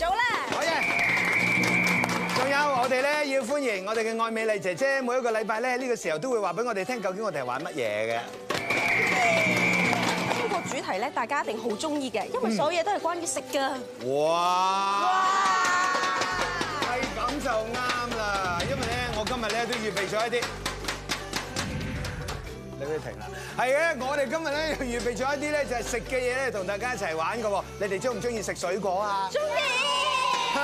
早啦！好嘅，仲有我哋咧要歡迎我哋嘅愛美麗姐姐。每一個禮拜咧呢個時候都會話俾我哋聽，究竟我哋係玩乜嘢嘅呢個主題咧？大家一定好中意嘅，因為所有嘢都係關於食噶。哇！係咁就啱啦，因為咧我今日咧都預備咗一啲，你咪停啦。係啊，我哋今日咧預備咗一啲咧就係食嘅嘢咧，同大家一齊玩噶。你哋中唔中意食水果啊？中意。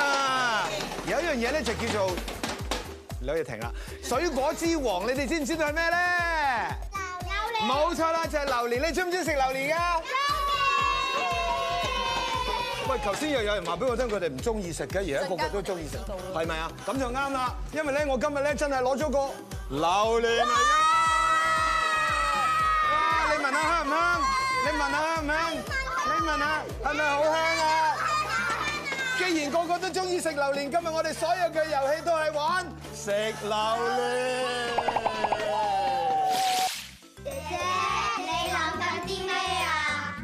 有一樣嘢咧就叫做你可以停啦，水果之王你哋知唔知道係咩咧？榴蓮，冇錯啦，就係、是、榴蓮。你中唔中意食榴蓮噶、啊？槤喂，頭先又有人話俾我聽，佢哋唔中意食嘅，而家個個都中意食，係咪啊？咁就啱啦，因為咧，我今日咧真係攞咗個榴蓮嚟。哇！你聞下香唔香？你聞下香唔香，香？你聞下係咪好香啊？既然個個都中意食榴蓮，今日我哋所有嘅遊戲都係玩食榴蓮。姐姐，你諗緊啲咩啊？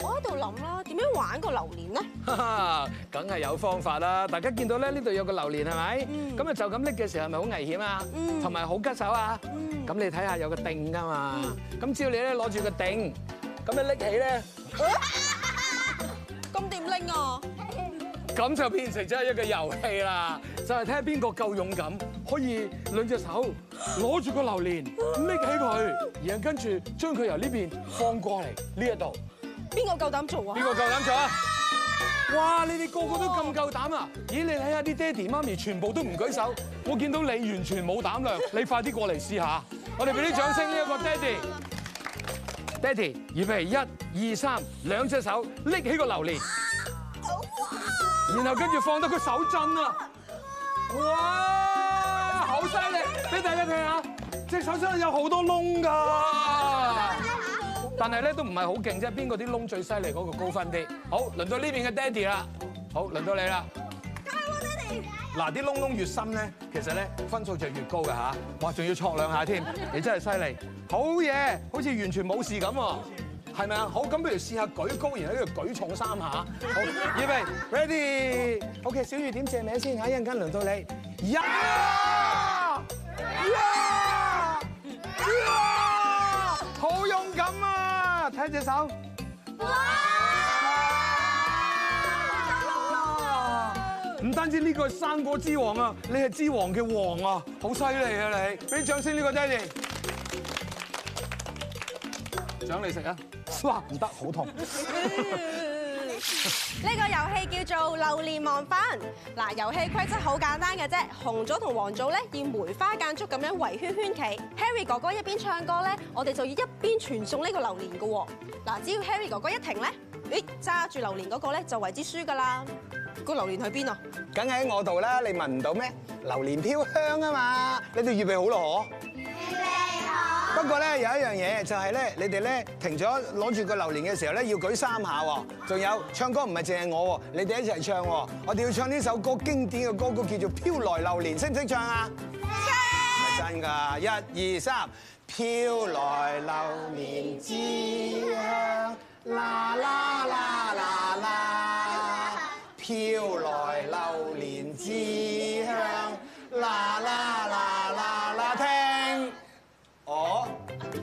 我喺度諗囉，點樣玩個榴蓮咧？哈哈，梗係有方法啦！大家見到咧，呢度有個榴蓮係咪？咁啊就咁拎嘅時候係咪好危險啊？嗯，同埋好拮手啊！嗯，咁你睇下有個頂㗎嘛？咁只要你咧攞住個頂，咁樣拎起咧，咁點拎啊？咁就變成咗係一個遊戲啦，就係睇邊個夠勇敢，可以兩隻手攞住個榴蓮拎起佢，然後跟住將佢由呢邊放過嚟呢一度。邊個，個，個夠膽做啊？邊個夠膽做啊？哇！你哋個個都咁夠膽啊？咦！你睇下啲爹哋媽咪全部都唔舉手，我見到你完全冇膽量，你快啲過嚟試下。我哋俾啲掌聲呢一個爹哋，爹哋，預備一二三，兩隻手拎起個榴蓮。然後跟住放到個手震啊！哇，好犀利！俾大家睇下，隻手真係有好多窿㗎。但係咧都唔係好勁啫。邊個啲窿最犀利嗰個高分啲？好，輪到呢邊嘅爹哋啦。好，輪到你啦。嗱，啲窿窿越深咧，其實咧分數就越高㗎吓，哇，仲要戳兩下添，你真係犀利。好嘢，好似完全冇事咁喎。係咪啊？好，咁不如試下舉高，然後喺度舉重三下。好，預備 ready 好 k、okay，小魚點借名先，一陣間輪到你。呀、yeah! yeah! yeah! yeah! yeah! yeah! 好勇敢啊！睇隻手。哇、wow! 啊！哇！唔單止呢個係生果之王啊，你係之王嘅王啊，好犀利啊你！俾掌聲呢個爹哋，Daddy、 獎你食啊！哇唔得好痛！呢 個遊戲叫做榴槤忘返。嗱，遊戲規則好簡單嘅啫，紅組同黃組咧以梅花間竹咁樣圍圈圈企 Harry 哥哥一邊唱歌咧，我哋就要一邊傳送呢個榴蓮嘅喎。嗱，只要 Harry 哥哥一停咧，誒揸住榴蓮嗰個咧就為之輸㗎啦。個榴蓮去邊啊？梗喺我度啦！你聞唔到咩？榴蓮飄香啊嘛！你哋預備好咯，嗬、yeah.？不過咧，有一樣嘢就係咧，你哋咧停咗攞住個榴蓮嘅時候咧，要舉三下喎。仲有唱歌唔係淨係我喎，你哋一齊唱喎。我哋要唱呢首歌經典嘅歌曲，叫做《飄來榴蓮》懂懂，識唔識唱啊？識。唔係真㗎，一二三，飄來榴蓮之香，啦啦啦啦啦，飄來榴蓮之香，啦啦，啦。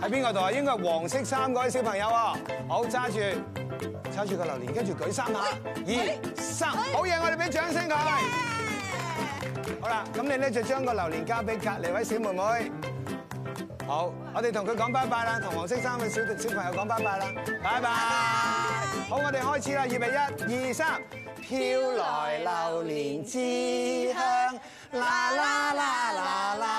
喺邊個度啊？應該係黃色衫嗰位小朋友喎。好，揸住揸住個榴蓮，跟住舉三下，欸、二三，好、欸、嘢！我哋俾掌聲佢。好啦，咁你咧就將個榴蓮交俾隔離位小妹妹。好，我哋同佢講拜拜啦，同黃色衫嘅小小朋友講拜拜啦，拜拜。好，我哋開始啦，預備，一，二三，飄來榴槤之香，啦啦啦啦啦,啦。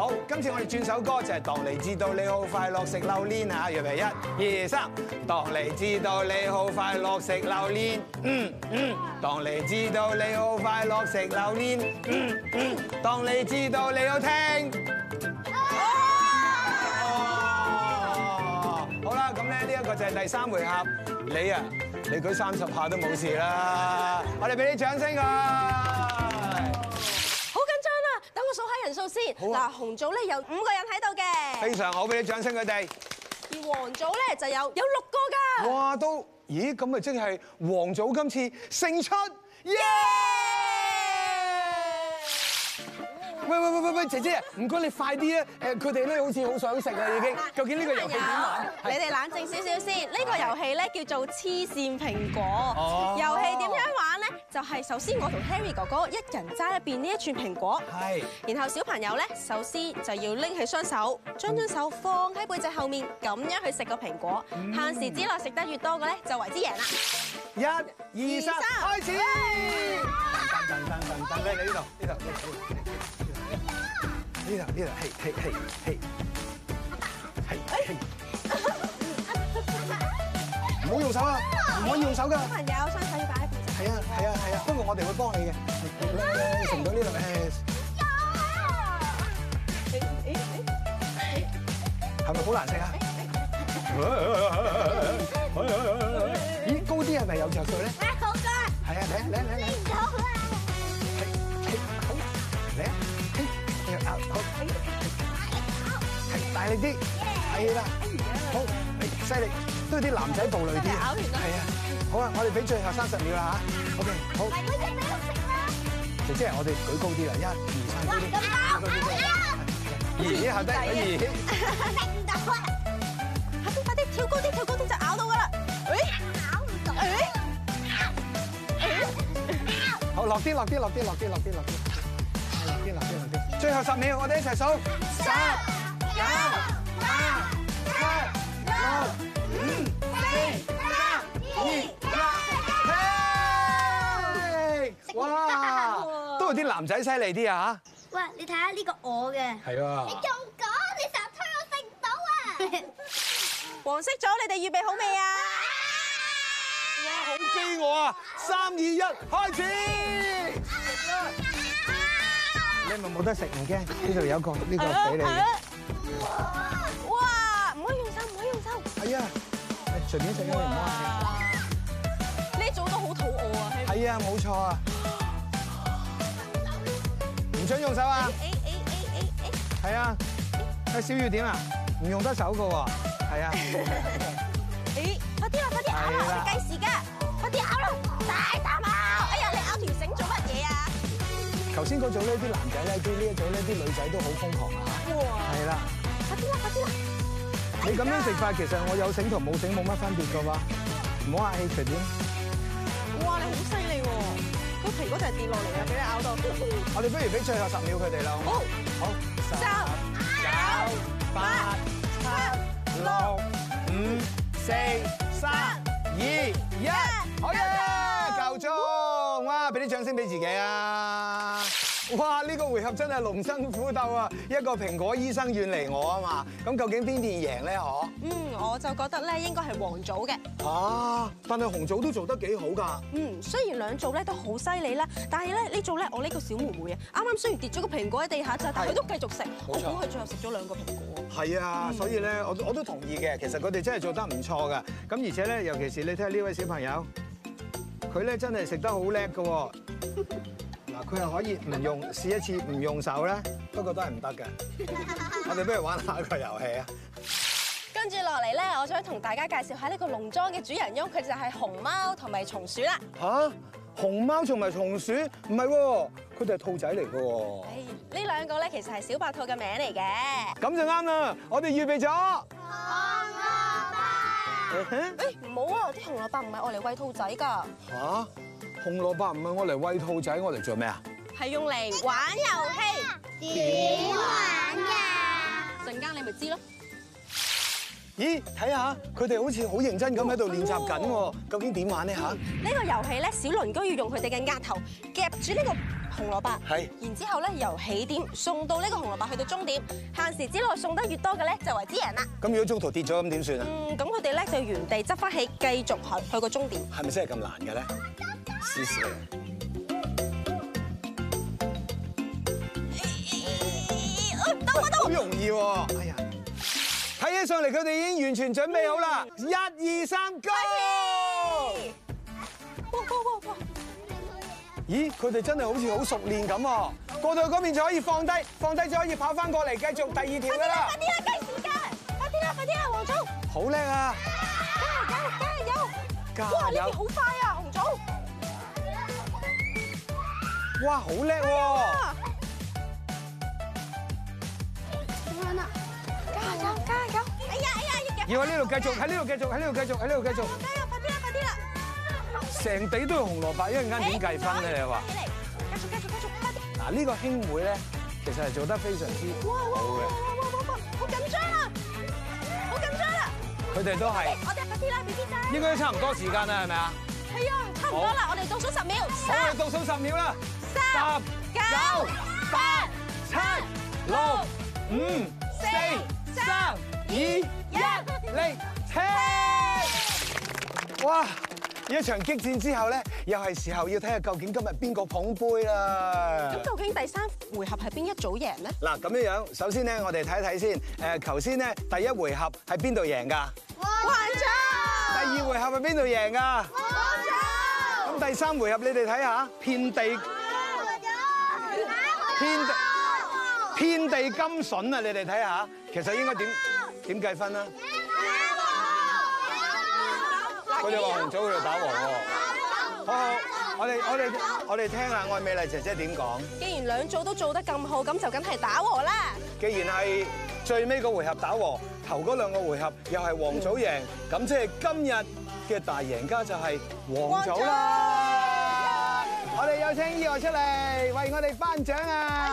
好，今次我哋轉首歌就係、是、當你知道你好快樂食榴蓮啊，預備一、二、三，當你知道你好快樂食榴蓮，嗯嗯，當你知道你好快樂食榴蓮，嗯嗯，當你知道你好聽，啊哦、好啦，咁咧呢一個就係第三回合，你啊，你舉三十下都冇事啦，我哋俾啲掌聲啊！先嗱、啊，紅組咧有五個人喺度嘅，非常好，俾你掌聲佢哋。而黃組咧就有有六個噶，哇都，咦咁啊即係黃組今次勝出，耶！喂喂喂喂喂，姐姐唔該你快啲啊！誒，佢哋咧好似好想食啊已經。究竟呢個遊戲點玩？你哋冷靜少少先，呢個遊戲咧叫做黐線蘋果，遊戲點樣玩？就係首先，我同 Harry 哥哥一人揸一邊呢一串蘋果，然後小朋友咧，首先就要拎起雙手，將雙手放喺背脊後面，咁樣去食個蘋果。限時之內食得越多嘅咧，就為之贏啦！一、二、三，開始！等等等等，呢個呢度呢度呢度呢度呢度，嘿嘿嘿嘿，嘿！唔好用手啊！唔可以用手㗎，小朋友。係啊係啊係啊，不過我哋會幫你嘅，誒成咗呢度誒，係咪好難食啊？咦，高啲係咪有著數咧？好高！係啊，嚟啊嚟嚟嚟，好嚟啊！好大力啲係啦，好。犀利，都係啲男仔暴戾啲，係啊。好啦，我哋俾最後三十秒啦吓，OK。好，好。姐姐，我哋舉高啲啦，一、二、三、四、啊啊啊啊。二二後得二。食唔到啊！快啲快啲跳高啲跳高啲就咬到噶啦！哎！哎！哎！好，落啲、落啲、落啲、落啲、落啲、落啲、落啲、啲、啲、啲、落落落落啲。最後十秒，我哋一齊數，十、10，嗯，三、二、一，停！哇，都係啲男仔犀利啲啊！哇，你睇下呢個我嘅，係喎，你仲講，你成日推我食唔到啊！黃色組你哋預備好未啊？哇，好飢餓啊！三、二、一，開始！你咪冇得食，唔驚，呢度有個呢個俾你嘅。呀、啊，隨便食啊，唔好食。呢組都好肚餓啊，係啊，冇錯啊，唔、啊、準用手啊。係、哎、啊，阿小雨點啊，唔用得手噶喎，係、哎哎哎、啊。哎，快啲啦，快啲咬啦，啊、我哋計時噶，快啲咬啦，啊、大啖咬！哎呀，你咬條繩做乜嘢啊？頭先嗰組咧啲男仔咧，跟呢組呢啲女仔都好瘋狂啊，係、啊啊啊啊、啦。快啲啦，快啲啦！你咁樣食法其實我有整同冇整冇乜分別嘅喎，唔好客氣，隨便。哇！你好犀利喎，個皮果就係跌落嚟，俾你咬到。我哋不如俾最後十秒佢哋啦。好，十、九、啊、八、七、六、五、四、三、二、一。好嘅，夠鐘。Woo. 哇！俾啲掌聲俾自己啊！哇！呢個回合真係龍爭虎鬥啊！一個蘋果醫生遠離我啊嘛，咁究竟邊邊贏咧？嗬？嗯，我就覺得咧應該係黃組嘅。啊！但係紅組都做得幾好㗎。嗯，雖然兩組咧都好犀利啦，但係咧呢組咧我呢個小妹妹啊，啱啱雖然跌咗個蘋果喺地下就，但係佢都繼續食，我估佢最後食咗兩個蘋果。係啊，所以咧我我都同意嘅，其實佢哋真係做得唔錯㗎。咁而且咧，尤其是你睇下呢位小朋友，佢咧真係食得好叻㗎喎。 佢係可以唔用試一次唔用手咧，也是不過都係唔得嘅。我哋不如玩下一個遊戲啊！跟住落嚟咧，我想同大家介紹下呢個農莊嘅主人翁，佢就係熊貓同埋松鼠啦。嚇！熊貓同埋松鼠唔係喎，佢哋係兔仔嚟嘅喎。誒，呢兩個咧其實係小白兔嘅名嚟嘅。咁就啱啦，我哋預備咗、欸欸啊。紅蘿蔔。誒，唔好啊！啲紅蘿蔔唔係愛嚟餵兔仔㗎。嚇！紅蘿蔔唔係我嚟喂兔仔，我嚟做咩啊？係用嚟玩遊戲。點玩呀？陣間你咪知咯。咦，睇下佢哋好似好認真咁喺度練習緊。究竟點玩呢？吓、嗯？呢、呢個遊戲咧，小鄰居要用佢哋嘅額頭夾住呢個紅蘿蔔。係。然之後咧，由起點送到呢個紅蘿蔔去到終點，限時之內送得越多嘅咧就為之贏啦。咁如果中途跌咗，咁點算啊？嗯，咁佢哋咧就原地執翻起，繼續去去個終點。係咪真係咁難嘅咧？好容易喎！哎呀，睇起上嚟佢哋已經完全準備好啦！一二三，Go！咦？佢哋真係好似好熟練咁啊！過到去嗰邊就可以放低，放低就可以跑返過嚟，繼續第二條啦！快啲啦，計時間！快啲啦，快啲啦，黃組！好叻啊！加油，加油，哇！呢邊好快啊，紅組！哇，好叻喎！啊、哎，加油加油！哎呀哎呀，要喺呢度繼續，喺呢度繼續，喺呢度繼續，喺呢度繼續，哎呀。加油，快啲啦，快啲啦！成地都係紅蘿蔔，一陣間點計分咧？哎？你話？繼續繼續繼續，快啲嗱，呢，啊呢個兄妹咧，其實係做得非常之好嘅。哇好緊張啊！好緊張啦！佢哋都係。我哋快啲啦，快啲啦！應該差唔多時間啦，係咪啊？係啊，差唔多啦，我哋倒數十秒。好，我哋倒數十秒啦！十九八七六五四三二一零七！哇！一場激戰之後咧，又係時候要睇下究竟今日邊個捧杯啦！咁究竟第三回合係邊一組贏咧？嗱咁樣樣，首先咧，我哋睇一睇先。誒，頭先咧，第一回合係邊度贏噶？黃總。第二回合係邊度贏噶？黃總。咁第三回合你哋睇下，遍地。天地天地金筍啊！你哋睇下，其實應該點點計分啊？佢哋話黃組佢哋打和，好好，我哋我哋我哋聽下愛美麗姐姐點講。既然兩組都做得咁好，咁就梗係打和啦。既然係最尾個回合打和，頭嗰兩個回合又係黃組贏，咁即係今日嘅大贏家就係黃組啦。我哋有請 Eo 出嚟，為我哋頒獎啊！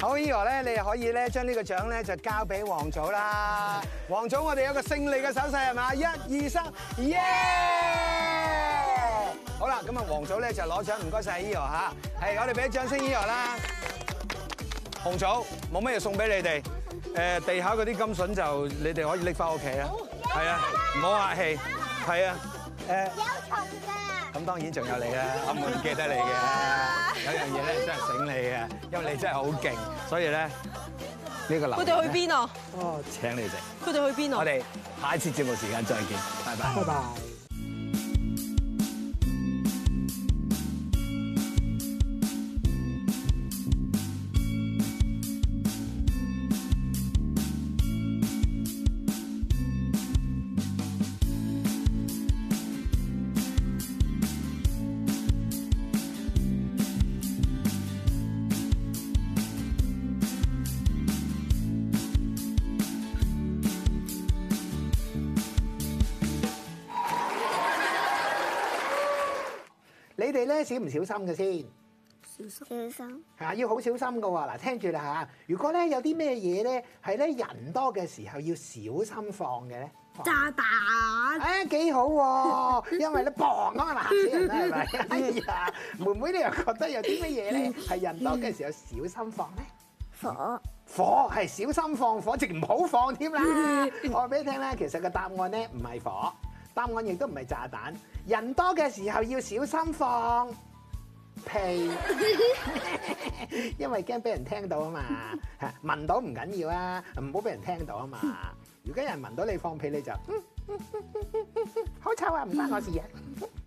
好嘅，好 Eo 咧，你就可以咧將呢個獎咧就交俾黃總啦。黃總，我哋有個勝利嘅手勢係嘛？一二三，耶！好啦，咁啊，黃總咧就攞獎，唔該晒 Eo 吓。係，我哋俾掌聲 Eo 啦。紅組冇咩嘢送俾你哋，誒，地下嗰啲金筍就你哋可以拎翻屋企啦。好。係啊，唔好客氣。係啊，誒。有蟲嘅。咁當然仲有你啦，我唔會記得你嘅。有樣嘢咧真係醒你嘅，因為你真係好勁，所以咧呢個男，佢哋去邊啊？哦，請你食。佢哋去邊啊？我哋下一次節目時間再見，拜拜。拜拜。你咧小唔小心嘅先，小心，小心係啊，要好小心嘅喎。嗱，聽住啦嚇。如果咧有啲咩嘢咧，係咧人多嘅時候要小心放嘅咧，炸彈。哎，幾好，啊， 因為咧磅啊嘛，嚇死人啦，係咪？ 哎呀，妹妹你又覺得有啲乜嘢咧，係人多嘅時候小心放咧？火，火係小心放火，直唔好放添啦。 我俾你聽咧，其實個答案咧唔係火。答案亦都唔係炸彈，人多嘅時候要小心放屁， 因為驚俾人聽到啊嘛， 聞到唔緊要啊，唔好俾人聽到啊嘛。 如果有人聞到你放屁，你就 好臭啊，唔關我事啊！